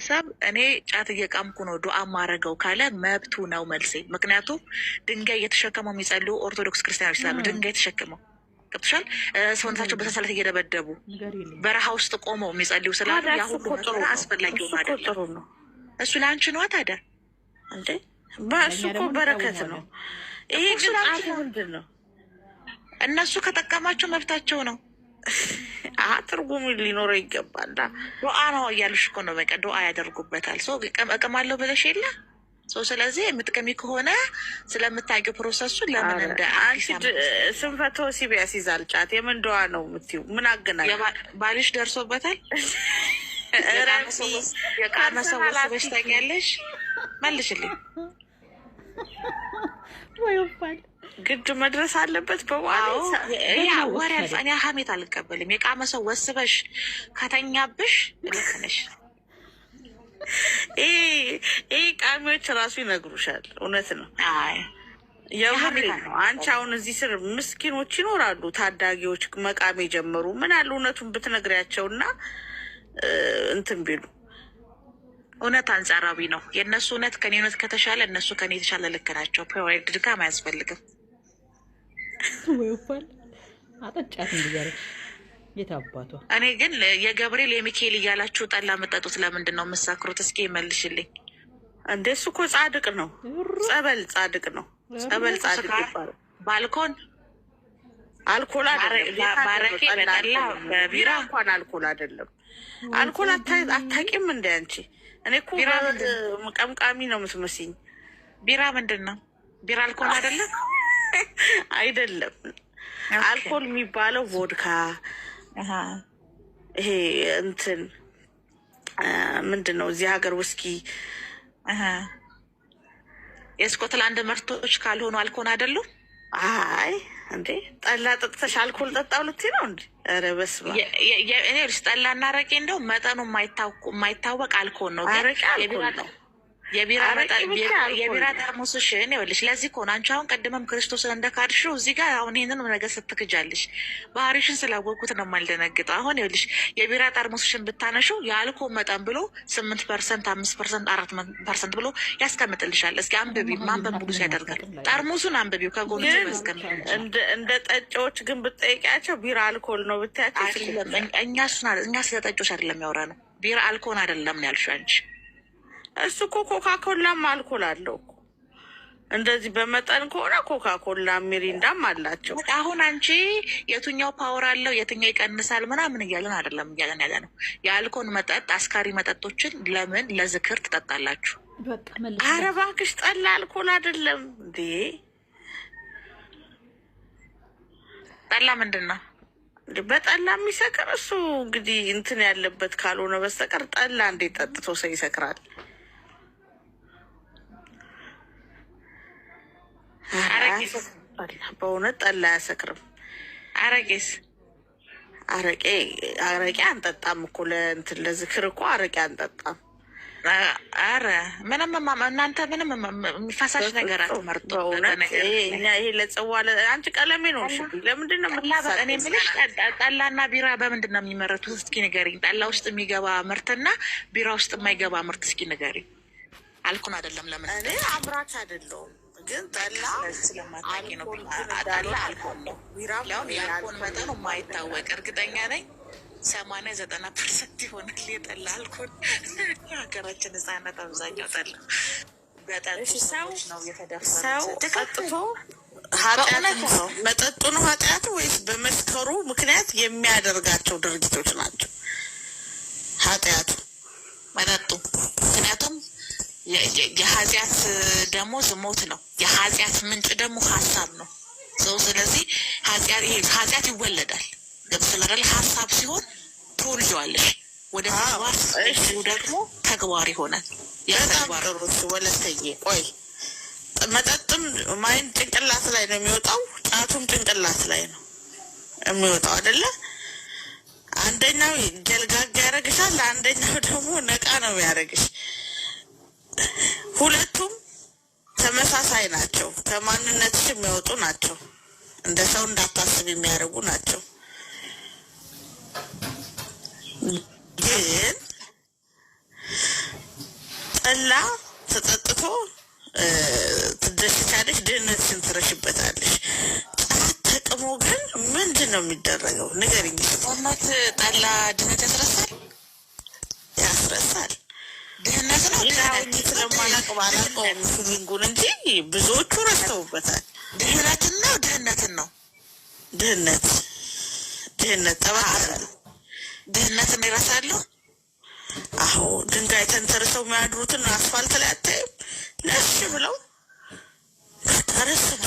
ሀሳብ እኔ ጫት እየቃምኩ ነው ዱዓ ማረገው ካለ መብቱ ነው መልሴ። ምክንያቱም ድንጋይ እየተሸከመው የሚጸልዩ ኦርቶዶክስ ክርስቲያኖች ስላሉ ድንጋይ ተሸክመው ገብቶሻል። ሰውነታቸው በሰንሰለት እየደበደቡ በረሃ ውስጥ ቆመው የሚጸልዩ ስላሉ ያ ሁሉ አስፈላጊ ነው። እሱ ለአንቺ ነዋ። ታዲያ እንዴ በእሱ እኮ በረከት ነው። ይሄ ምንድን ነው? እነሱ ከጠቀማቸው መብታቸው ነው። ትርጉም ሊኖረው ይገባል። ዱዓ ነው እያልሽ እኮ ነው። በቃ ዱዓ ያደርጉበታል። ሰው እቅማለሁ ብለሽ የለ ሰው። ስለዚህ የምትቀሚ ከሆነ ስለምታውቂው ፕሮሰሱ ለምን እንደ ስንፈቶ ሲቢያስ ይዛል ጫት የምን ዱዓ ነው የምትይው? ምን አገናኝ? ባልሽ ደርሶበታል። የቃመ ሰው በሽታኛለሽ መልሽልኝ ወይ ግድ መድረስ አለበት። በዋያ ሀሜት አልቀበልም። የቃመ ሰው ወስበሽ ከተኛብሽ ልክነሽ ይህ ቃሚዎች ራሱ ይነግሩሻል። እውነት ነው። የምሬ ነው። አንቺ አሁን እዚህ ስር ምስኪኖች ይኖራሉ፣ ታዳጊዎች መቃሜ ጀመሩ። ምን አለ እውነቱን ብትነግሪያቸው እና እንትን ቢሉ እውነት አንጻራዊ ነው። የእነሱ እውነት ከኔ እውነት ከተሻለ እነሱ ከኔ የተሻለ ልክ ናቸው። ፕሪድ ድጋም አያስፈልግም። ወይ ባል አጠጫት እንዲያረግ ጌታ አባቷ። እኔ ግን የገብርኤል የሚካኤል እያላችሁ ጠላ መጠጡት ለምንድን ነው የምሳክሩት? እስኪ ይመልሽልኝ። እንደ እሱ እኮ ጻድቅ ነው፣ ጸበል ጻድቅ ነው፣ ጸበል ጻድቅ ይባላል። ባልኮን አልኮል ቢራ እንኳን አልኮል አይደለም። አልኮል አታቂም እንደ አንቺ። እኔ እኮ ቀምቃሚ ነው የምትመስኝ። ቢራ ምንድን ነው? ቢራ አልኮል አይደለም። አይደለም። አልኮል የሚባለው ቮድካ ይሄ እንትን ምንድን ነው እዚህ ሀገር ውስኪ የስኮትላንድ ምርቶች ካልሆኑ አልኮን አይደሉም። አይ እንዴ ጠላ ጠጥተሽ አልኮል ጠጣ ሁለት ነው እንዲ ኧረ በስመ እኔ ጠላ እና አረቄ እንደው መጠኑ የማይታወቅ አልኮን ነው፣ አረቄ አልኮል ነው። የቢራ እኔ ይኸውልሽ። ለዚህ ከሆነ አንቺ አሁን ቀድመም ክርስቶስን እንደካድሽው እዚህ ጋር አሁን ይህንን ነገር ስትክጃለሽ። ባህሪሽን ስላወቁት ነው የማልደነግጠው። አሁን ይኸውልሽ የቢራ ጠርሙስሽን ብታነሽው የአልኮ መጠን ብሎ ስምንት ፐርሰንት፣ አምስት ፐርሰንት፣ አራት ፐርሰንት ብሎ ያስቀምጥልሻል። እስኪ አንብቢ። ማንበብ ሙሉ ያደርጋል። ጠርሙሱን አንብቢው ከጎኑ እንደ ጠጪዎች ግን ብትጠይቂያቸው ቢራ አልኮል ነው ብታያቸው፣ እኛ ስለ ጠጪዎች አይደለም ያወራ ነው። ቢራ አልኮል አይደለም ነው ያልሽው አንቺ እሱ እኮ ኮካ አልኮል አለው እኮ እንደዚህ በመጠን ከሆነ ኮካ ኮላ ሚሪንዳም አላቸው። አሁን አንቺ የትኛው ፓወር አለው የትኛው ይቀንሳል ምናምን እያለን አይደለም እያለን ያለ ነው። የአልኮል መጠጥ አስካሪ መጠጦችን ለምን ለዝክር ትጠጣላችሁ? ኧረ እባክሽ ጠላ አልኮል አይደለም እንዴ! ጠላ ምንድን ነው? በጠላ የሚሰክር እሱ እንግዲህ እንትን ያለበት ካልሆነ በስተቀር ጠላ እንዴት ጠጥቶ ሰው ይሰክራል? በእውነት ጠላ አያሰክርም። አረቄስ? አረቄ አረቄ አንጠጣም እኮ ለእንትን ለዝክር እኮ አረቄ አንጠጣም። አረ ምንም እናንተ ምንም የሚፈሳሽ ነገር አትመርጡ። ይሄ ለጽዋ አንቺ ቀለሜ ነው። ለምንድን ነው የምልሽ፣ ጠላና ቢራ በምንድን ነው የሚመረቱት? እስኪ ንገሪኝ። ጠላ ውስጥ የሚገባ ምርትና ቢራ ውስጥ የማይገባ ምርት እስኪ ንገሪኝ አልኩን። አይደለም ለምን እኔ አምራች አይደለሁም ግን ጠላ ስለማታውቂ ነው። ጠላ አልኮል ነው። ያውም የአልኮል መጠኑ ማይታወቅ እርግጠኛ ነኝ ሰማንያ ዘጠና ፐርሰንት ይሆናል የጠላ አልኮል። ሀገራችን ሕጻናት አብዛኛው ጠላ ሰው ጠጥቶ መጠጡ ነው ኃጢአቱ ወይስ በመስከሩ ምክንያት የሚያደርጋቸው ድርጊቶች ናቸው? የኃጢአት ደግሞ ሞት ነው። የኃጢአት ምንጭ ደግሞ ሀሳብ ነው ሰው። ስለዚህ ኃጢአት ይወለዳል። ገብቶሻል? ሀሳብ ሲሆን ትወልጂዋለሽ፣ ወደ ተግባር ደግሞ ተግባር ይሆናል። ተግባር ወለተዬ ቆይ መጠጥም ማይን ጭንቅላት ላይ ነው የሚወጣው፣ ጫቱም ጭንቅላት ላይ ነው የሚወጣው አይደለ? አንደኛው ገልጋጋ ያደረግሻል፣ አንደኛው ደግሞ ነቃ ነው የሚያደርግሽ። ሁለቱም ተመሳሳይ ናቸው። ከማንነትሽ የሚወጡ ናቸው። እንደ ሰው እንዳታስብ የሚያደርጉ ናቸው። ግን ጠላ ተጠጥቶ ትደሽታለሽ፣ ድህነትሽን ትረሽበታለሽ። ጫት ተቅሞ ግን ምንድን ነው የሚደረገው? ንገሪኝ። ጠላ ድህነት ያስረሳል። ማለት ነው። ይኸውኝ ስለማላውቀው አላውቀውም እንጂ ብዙዎቹ ረስተውበታል። ድህነትን ነው ድህነትን ነው ድህነት ድህነት ጠባት ድህነትን ይረሳሉ። አዎ ድንጋይ ተንተርሰው የሚያድሩትን አስፋልት ላይ አታይም? ለሽ ብለው ረስቱ።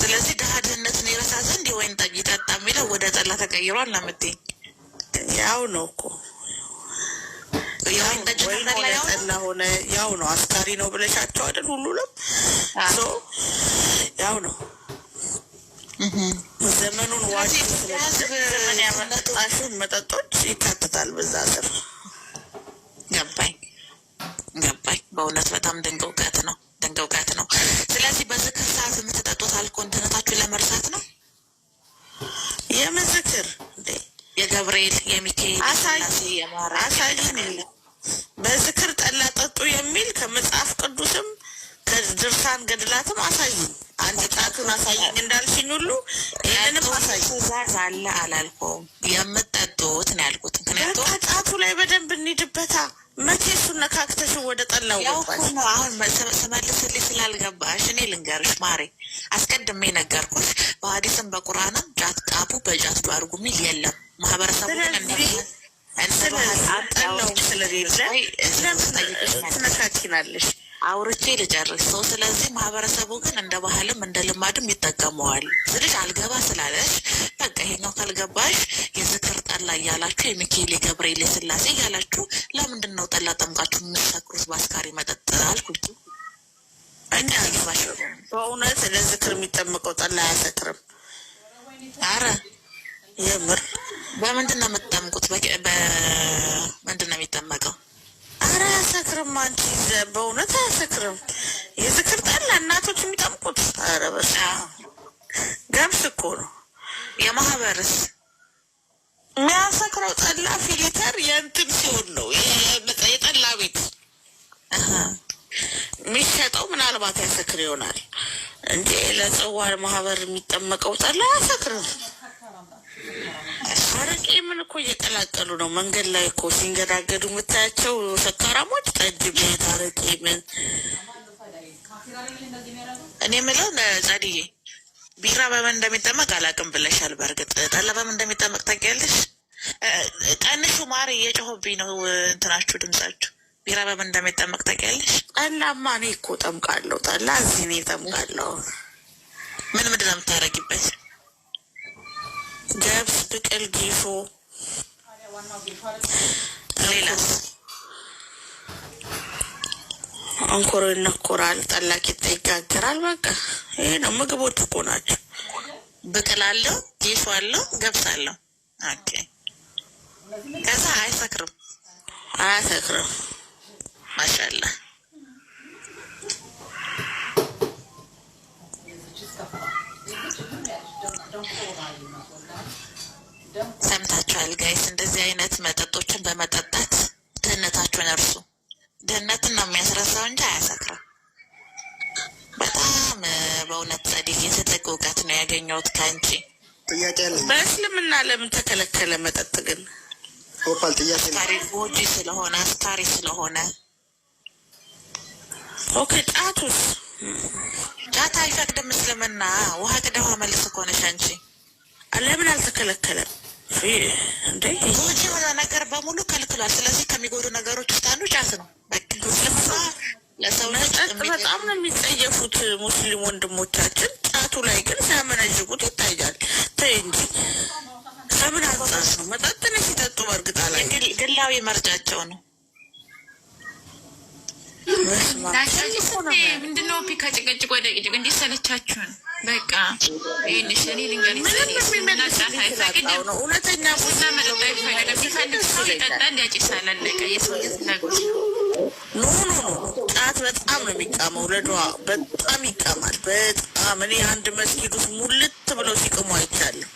ስለዚህ ድሀ ድህነትን ይረሳ ዘንድ የወይን ጠጅ ይጠጣ የሚለው ወደ ጠላ ተቀይሯል። ለምትኝ ያው ነው እኮ ወይን ሆነ ጠላ ሆነ ያው ነው። አስካሪ ነው ብለሻቸው አይደል? ሁሉንም ያው ነው። ዘመኑን ዋሽ መጠጦች ይካትታል። በዛ ስር ገባኝ ገባኝ። በእውነት በጣም ድንቅ እውቀት ነው፣ ድንቅ እውቀት ነው። ስለዚህ በዝክር ሰዓት የምትጠጡት አልኮል እንትነታችሁን ለመርሳት ነው። የምን የገብርኤል የሚካኤል አሳይ በዝክር ጠላ ጠጡ የሚል ከመጽሐፍ ቅዱስም ከድርሳን ገድላትም አሳዩ። አንድ ጣቱን አሳይኝ እንዳልሽኝ ሁሉ ይህንንም አሳይ። አለ አላልኩም። የምጠጡት ነው ያልኩት። ምክንያቱም ጣቱ ላይ በደንብ እንሂድበታ። መቼ እሱን ነካክተሽን ወደ ጠላው ነው አሁን ስመልስልሽ ስላልገባሽ እኔ ልንገርሽ ማሬ፣ አስቀድሜ ነገርኩሽ። በሀዲስም በቁርአንም ጫት ቃቡ በጫት አድርጉ የሚል የለም ማህበረሰቡ እንትን ትነካኪናለሽ። አውርቼ ልጨርስ ሰው። ስለዚህ ማህበረሰቡ ግን እንደ ባህልም እንደ ልማድም ይጠቀመዋል። ስልሽ አልገባ ስላለሽ በቃ ይሄኛው ካልገባሽ የዝክር ጠላ እያላችሁ የሚካኤል የገብርኤል የስላሴ እያላችሁ ለምንድን ነው ጠላ ጠምቃችሁ የምትሰክሩት? በአስካሪ መጠጥ አልኩኝ። እኛ በእውነት ለዝክር የሚጠምቀው ጠላ አያሰክርም። አረ የምር በምንድን ነው የምትጠምቁት? በምንድን ነው የሚጠመቀው? አረ አያሰክርም። አንቺ በእውነት አያሰክርም። የዝክር ጠላ እናቶች የሚጠምቁት አረ በስ ገብስ እኮ ነው። የማህበርስ የሚያሰክረው ጠላ ፊሊተር የእንትን ሲሆን ነው የጠላ ቤት የሚሸጠው ምናልባት ያሰክር ይሆናል እንጂ ለጽዋ ማህበር የሚጠመቀው ጠላ አያሰክርም። አረቄ ምን እኮ እየቀላቀሉ ነው። መንገድ ላይ እኮ ሲንገዳገዱ የምታያቸው ሰካራሞች ጠጅ ቤት አረቄ ምን እኔ ምለው ጸድዬ ቢራ በምን እንደሚጠመቅ አላቅም ብለሻል። በእርግጥ ጠላ በምን እንደሚጠመቅ ታውቂያለሽ? ቀንሹ ማር እየጮሆብኝ ነው እንትናችሁ ድምጻችሁ። ቢራ በምን እንደሚጠመቅ ታውቂያለሽ? ጠላማ እኔ እኮ ጠምቃለሁ። ጠላ እዚህ እኔ ጠምቃለሁ። ምን ምንድን ነው የምታረጊበት? ገብስ፣ ብቅል፣ ጌሾ ሌላስ አንኮሮ ይነኮራል። ጠላ ቂጣ ይጋገራል። በቃ ይሄ ነው ምግቦች እኮ ናቸው። ብቅል አለው፣ ጌሾ አለው፣ ገብስ አለው። ኦኬ ከዛ አይሰክርም፣ አያሰክርም። ማሻላ ሰምታችኋል ጋይስ። እንደዚህ አይነት መጠጦችን በመጠጣት ድህነታችሁን እርሱ። ድህነትን ነው የሚያስረሳው እንጂ አያሰክራም። በጣም በእውነት ጸዲቅ የተጠቅ እውቀት ነው ያገኘሁት ከአንቺ። በእስልምና ለምን ተከለከለ መጠጥ ግን? ጎጂ ስለሆነ አስካሪ ስለሆነ። ኦኬ ጫቱስ ዳታ አይፈቅድም እስልምና። ውሃ ቅደዋ መልስ ከሆነች አንቺ ለምን አልተከለከለም እንዴ? ጎጂ የሆነ ነገር በሙሉ ከልክሏል። ስለዚህ ከሚጎዱ ነገሮች ውስጥ አንዱ ጫት ነው። ለሰው በጣም ነው የሚጸየፉት ሙስሊም ወንድሞቻችን። ጫቱ ላይ ግን ሲያመነዥጉት ይታያል። ተይ እንጂ ከምን አንጻር ነው መጠጥን ሲጠጡ? በእርግጥ ግላዊ መርጫቸው ነው። ምንድነው ፒካ ጭቅጭቅ ወደ ጭቅጭቅ እንዲሰለቻችሁን በቃ ይህንሽ እኔ ልንገርሽ ጫት በጣም ነው የሚቃመው። ለድዋ በጣም ይቃማል። በጣም እኔ አንድ መስጊድ ውስጥ ሙልት ብለው ሲቅሙ አይቻለሁ።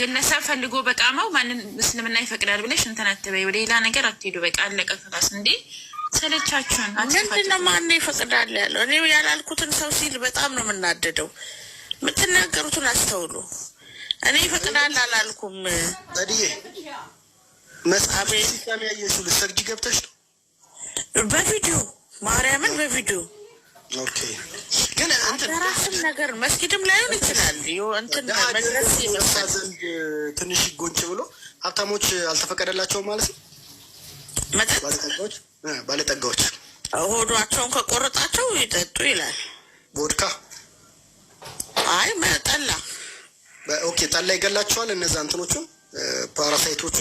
ግለሰብ ፈልጎ በቃመው ማንም እስልምና ይፈቅዳል ብለሽ እንትን አትበይ። ወደ ሌላ ነገር አትሄዱ። በቃ አለቀ። ከላስ እንዴ ሰለቻችሁን። ምንድን ነው ማነው ይፈቅዳል ያለው? እኔ ያላልኩትን ሰው ሲል በጣም ነው የምናደደው። የምትናገሩትን አስተውሉ። እኔ ይፈቅዳል አላልኩም። ታዲዬ መጽሐፍ ሲሳሚያ ኢየሱስ ገብተሽ ነው በቪዲዮ ማርያምን በቪዲዮ ግን አዳራሽም ነገር መስጊድም ላይሆን ይችላል። ዘንድ ትንሽ ጎንጭ ብሎ ሀብታሞች አልተፈቀደላቸውም ማለት ነው። ባለጠጋዎች ሆዷቸውን ከቆረጣቸው ይጠጡ ይላል። ቦድካ አይ ጠላ፣ ጠላ ይገላቸዋል። እነዛ እንትኖቹ ፓራሳይቶቹ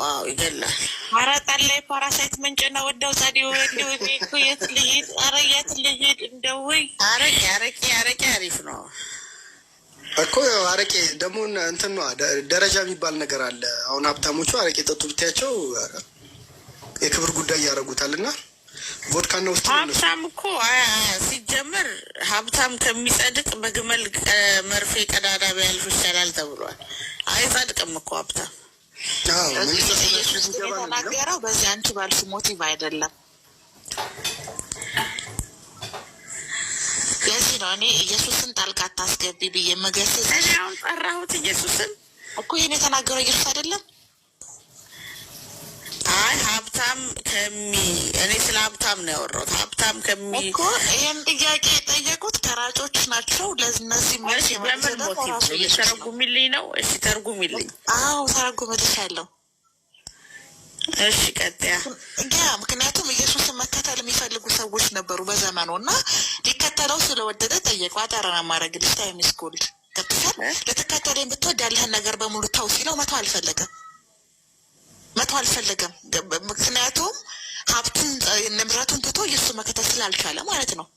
ዋው ይገላል። አረጣን ጠላይ ፓራሳይት ምንጭ ነው። እንደው እንደው እኔ እኮ የት ልሂድ? ኧረ የት ልሂድ? እንደው ወይ አረቄ አረቄ አረቄ አሪፍ ነው እኮ አረቄ ደግሞ እንትን ነው ደረጃ የሚባል ነገር አለ። አሁን ሀብታሞቹ አረቄ ጠጡ ብታያቸው የክብር ጉዳይ ያደርጉታል እና ውስጥ ሀብታም እኮ ሲጀመር ሀብታም ከሚጸድቅ በግመል መርፌ ቀዳዳ ቢያልፍ ይሻላል ተብሏል። አይጸድቅም እኮ ሀብታም የተናገረው በዚህ አንቺ ባልሽ ሞቲቭ አይደለም። ለዚህ ነው እኔ ኢየሱስን ጣልቃ አታስገቢ ብዬ መገሰጽ። አሁን ጠራሁት ኢየሱስን እኮ ይህን የተናገረው ኢየሱስ አይደለም። አይ ሀብታም ከሚ እኔ ስለ ሀብታም ነው ያወራሁት። ሀብታም ከሚ እኮ ይህን ጥያቄ የጠየቁት ተራጮች ናቸው። ለነዚህ ተረጉሚልኝ ነው። እሺ ተርጉሚልኝ። አዎ ተረጉምልሻለሁ። እሺ ቀጥያ። ያ ምክንያቱም ኢየሱስን መከተል የሚፈልጉ ሰዎች ነበሩ በዘመኑ እና ሊከተለው ስለወደደ ጠየቁ። አጠረና ማድረግልሽ ታይም ስኩል ገብተሻል። ልትከተለኝ ብትወድ ያለህን ነገር በሙሉ ተው ሲለው መተው አልፈለገም። መቶ አልፈለገም። ምክንያቱም ሀብቱን ንብረቱን ትቶ የእሱ መከተል ስላልቻለ ማለት ነው።